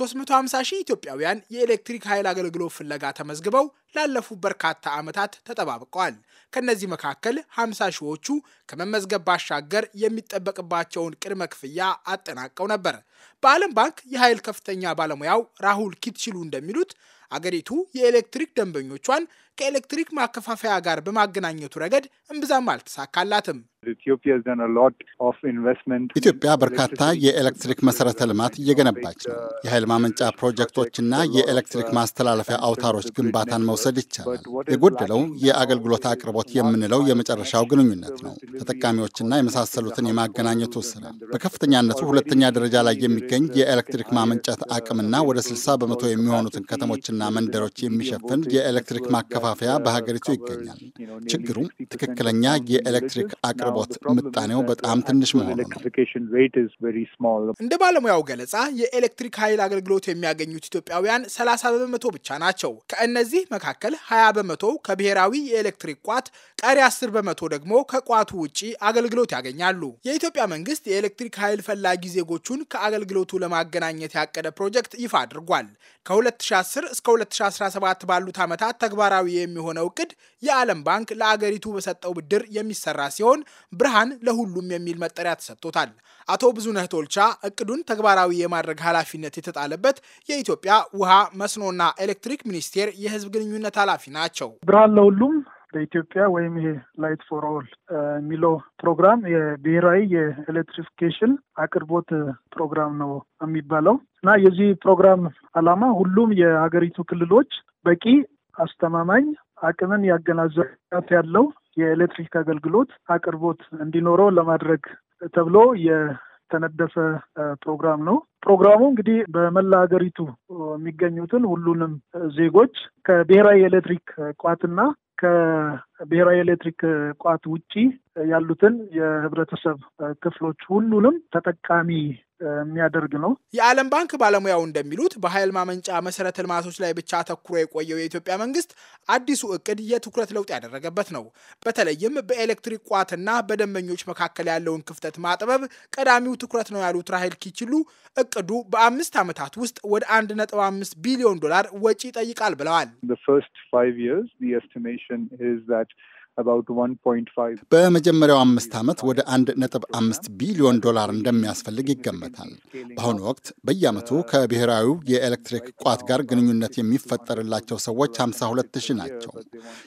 350 ሺህ ኢትዮጵያውያን የኤሌክትሪክ ኃይል አገልግሎት ፍለጋ ተመዝግበው ላለፉት በርካታ ዓመታት ተጠባብቀዋል። ከእነዚህ መካከል 50 ሺዎቹ ከመመዝገብ ባሻገር የሚጠበቅባቸውን ቅድመ ክፍያ አጠናቀው ነበር። በዓለም ባንክ የኃይል ከፍተኛ ባለሙያው ራሁል ኪትችሉ እንደሚሉት አገሪቱ የኤሌክትሪክ ደንበኞቿን ከኤሌክትሪክ ማከፋፈያ ጋር በማገናኘቱ ረገድ እምብዛም አልተሳካላትም። ኢትዮጵያ በርካታ የኤሌክትሪክ መሰረተ ልማት እየገነባች ነው። የኃይል ማመንጫ ፕሮጀክቶችና የኤሌክትሪክ ማስተላለፊያ አውታሮች ግንባታን መውሰድ ይቻላል። የጎደለው የአገልግሎት አቅርቦት የምንለው የመጨረሻው ግንኙነት ነው። ተጠቃሚዎችና የመሳሰሉትን የማገናኘቱ ስራ በከፍተኛነቱ ሁለተኛ ደረጃ ላይ የሚገኝ የኤሌክትሪክ ማመንጨት አቅምና ወደ 60 በመቶ የሚሆኑትን ከተሞችና ከተሞችና መንደሮች የሚሸፍን የኤሌክትሪክ ማከፋፈያ በሀገሪቱ ይገኛል። ችግሩም ትክክለኛ የኤሌክትሪክ አቅርቦት ምጣኔው በጣም ትንሽ መሆኑ ነው። እንደ ባለሙያው ገለጻ የኤሌክትሪክ ኃይል አገልግሎት የሚያገኙት ኢትዮጵያውያን 30 በመቶ ብቻ ናቸው። ከእነዚህ መካከል 20 በመቶ ከብሔራዊ የኤሌክትሪክ ቋት፣ ቀሪ 10 በመቶ ደግሞ ከቋቱ ውጪ አገልግሎት ያገኛሉ። የኢትዮጵያ መንግስት የኤሌክትሪክ ኃይል ፈላጊ ዜጎቹን ከአገልግሎቱ ለማገናኘት ያቀደ ፕሮጀክት ይፋ አድርጓል። ከ2010 እስከ 2017 ባሉት ዓመታት ተግባራዊ የሚሆነው እቅድ የዓለም ባንክ ለአገሪቱ በሰጠው ብድር የሚሰራ ሲሆን ብርሃን ለሁሉም የሚል መጠሪያ ተሰጥቶታል። አቶ ብዙነህ ቶልቻ እቅዱን ተግባራዊ የማድረግ ኃላፊነት የተጣለበት የኢትዮጵያ ውሃ መስኖና ኤሌክትሪክ ሚኒስቴር የህዝብ ግንኙነት ኃላፊ ናቸው። ብርሃን ለሁሉም በኢትዮጵያ ወይም ይሄ ላይት ፎር ኦል የሚለው ፕሮግራም የብሔራዊ የኤሌክትሪፊኬሽን አቅርቦት ፕሮግራም ነው የሚባለው እና የዚህ ፕሮግራም ዓላማ ሁሉም የሀገሪቱ ክልሎች በቂ አስተማማኝ አቅምን ያገናዘበት ያለው የኤሌክትሪክ አገልግሎት አቅርቦት እንዲኖረው ለማድረግ ተብሎ የተነደፈ ፕሮግራም ነው። ፕሮግራሙ እንግዲህ በመላ ሀገሪቱ የሚገኙትን ሁሉንም ዜጎች ከብሔራዊ የኤሌክትሪክ ቋትና 个。ብሔራዊ ኤሌክትሪክ ቋት ውጪ ያሉትን የህብረተሰብ ክፍሎች ሁሉንም ተጠቃሚ የሚያደርግ ነው። የዓለም ባንክ ባለሙያው እንደሚሉት በኃይል ማመንጫ መሰረተ ልማቶች ላይ ብቻ አተኩሮ የቆየው የኢትዮጵያ መንግስት አዲሱ እቅድ የትኩረት ለውጥ ያደረገበት ነው። በተለይም በኤሌክትሪክ ቋትና በደንበኞች መካከል ያለውን ክፍተት ማጥበብ ቀዳሚው ትኩረት ነው ያሉት ራሄል ኪችሉ እቅዱ በአምስት ዓመታት ውስጥ ወደ አንድ ነጥብ አምስት ቢሊዮን ዶላር ወጪ ይጠይቃል ብለዋል። much. በመጀመሪያው አምስት ዓመት ወደ አንድ ነጥብ አምስት ቢሊዮን ዶላር እንደሚያስፈልግ ይገመታል። በአሁኑ ወቅት በየዓመቱ ከብሔራዊው የኤሌክትሪክ ቋት ጋር ግንኙነት የሚፈጠርላቸው ሰዎች 52 ሺህ ናቸው።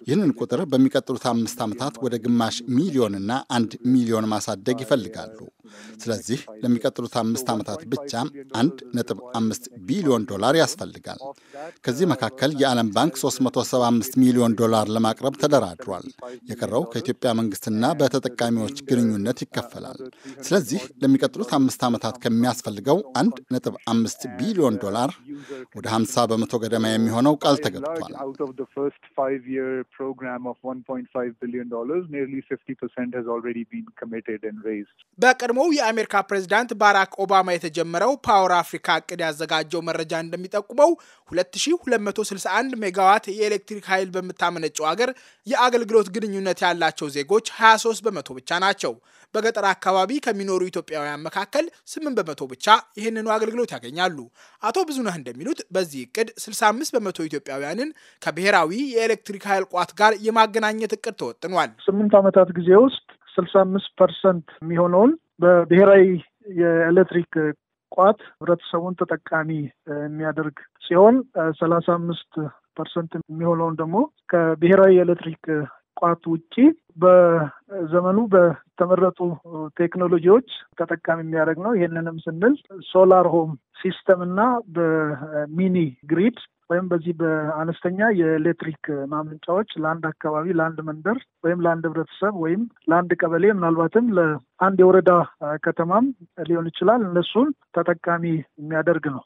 ይህንን ቁጥር በሚቀጥሉት አምስት ዓመታት ወደ ግማሽ ሚሊዮንና አንድ ሚሊዮን ማሳደግ ይፈልጋሉ። ስለዚህ ለሚቀጥሉት አምስት ዓመታት ብቻ 1.5 ነጥብ ቢሊዮን ዶላር ያስፈልጋል። ከዚህ መካከል የዓለም ባንክ 375 ሚሊዮን ዶላር ለማቅረብ ተደራድሯል። የቀረው ከኢትዮጵያ መንግስትና በተጠቃሚዎች ግንኙነት ይከፈላል። ስለዚህ ለሚቀጥሉት አምስት ዓመታት ከሚያስፈልገው አንድ ነጥብ አምስት ቢሊዮን ዶላር ወደ 50 በመቶ ገደማ የሚሆነው ቃል ተገብቷል። በቀድሞው የአሜሪካ ፕሬዚዳንት ባራክ ኦባማ የተጀመረው ፓወር አፍሪካ እቅድ ያዘጋጀው መረጃ እንደሚጠቁመው 2261 ሜጋዋት የኤሌክትሪክ ኃይል በምታመነጨው ሀገር የአገልግሎት ግንኙነት ያላቸው ዜጎች 23 በመቶ ብቻ ናቸው። በገጠር አካባቢ ከሚኖሩ ኢትዮጵያውያን መካከል 8 በመቶ ብቻ ይህንኑ አገልግሎት ያገኛሉ። አቶ ብዙነህ እንደ እንደሚሉት በዚህ እቅድ 65 በመቶ ኢትዮጵያውያንን ከብሔራዊ የኤሌክትሪክ ኃይል ቋት ጋር የማገናኘት እቅድ ተወጥኗል። ስምንት ዓመታት ጊዜ ውስጥ 65 ፐርሰንት የሚሆነውን በብሔራዊ የኤሌክትሪክ ቋት ህብረተሰቡን ተጠቃሚ የሚያደርግ ሲሆን ሰላሳ አምስት ፐርሰንት የሚሆነውን ደግሞ ከብሔራዊ የኤሌክትሪክ ቋት ውጪ በዘመኑ በተመረጡ ቴክኖሎጂዎች ተጠቃሚ የሚያደርግ ነው። ይህንንም ስንል ሶላር ሆም ሲስተም እና በሚኒ ግሪድ ወይም በዚህ በአነስተኛ የኤሌክትሪክ ማመንጫዎች ለአንድ አካባቢ ለአንድ መንደር ወይም ለአንድ ህብረተሰብ ወይም ለአንድ ቀበሌ ምናልባትም ለአንድ የወረዳ ከተማም ሊሆን ይችላል እነሱን ተጠቃሚ የሚያደርግ ነው።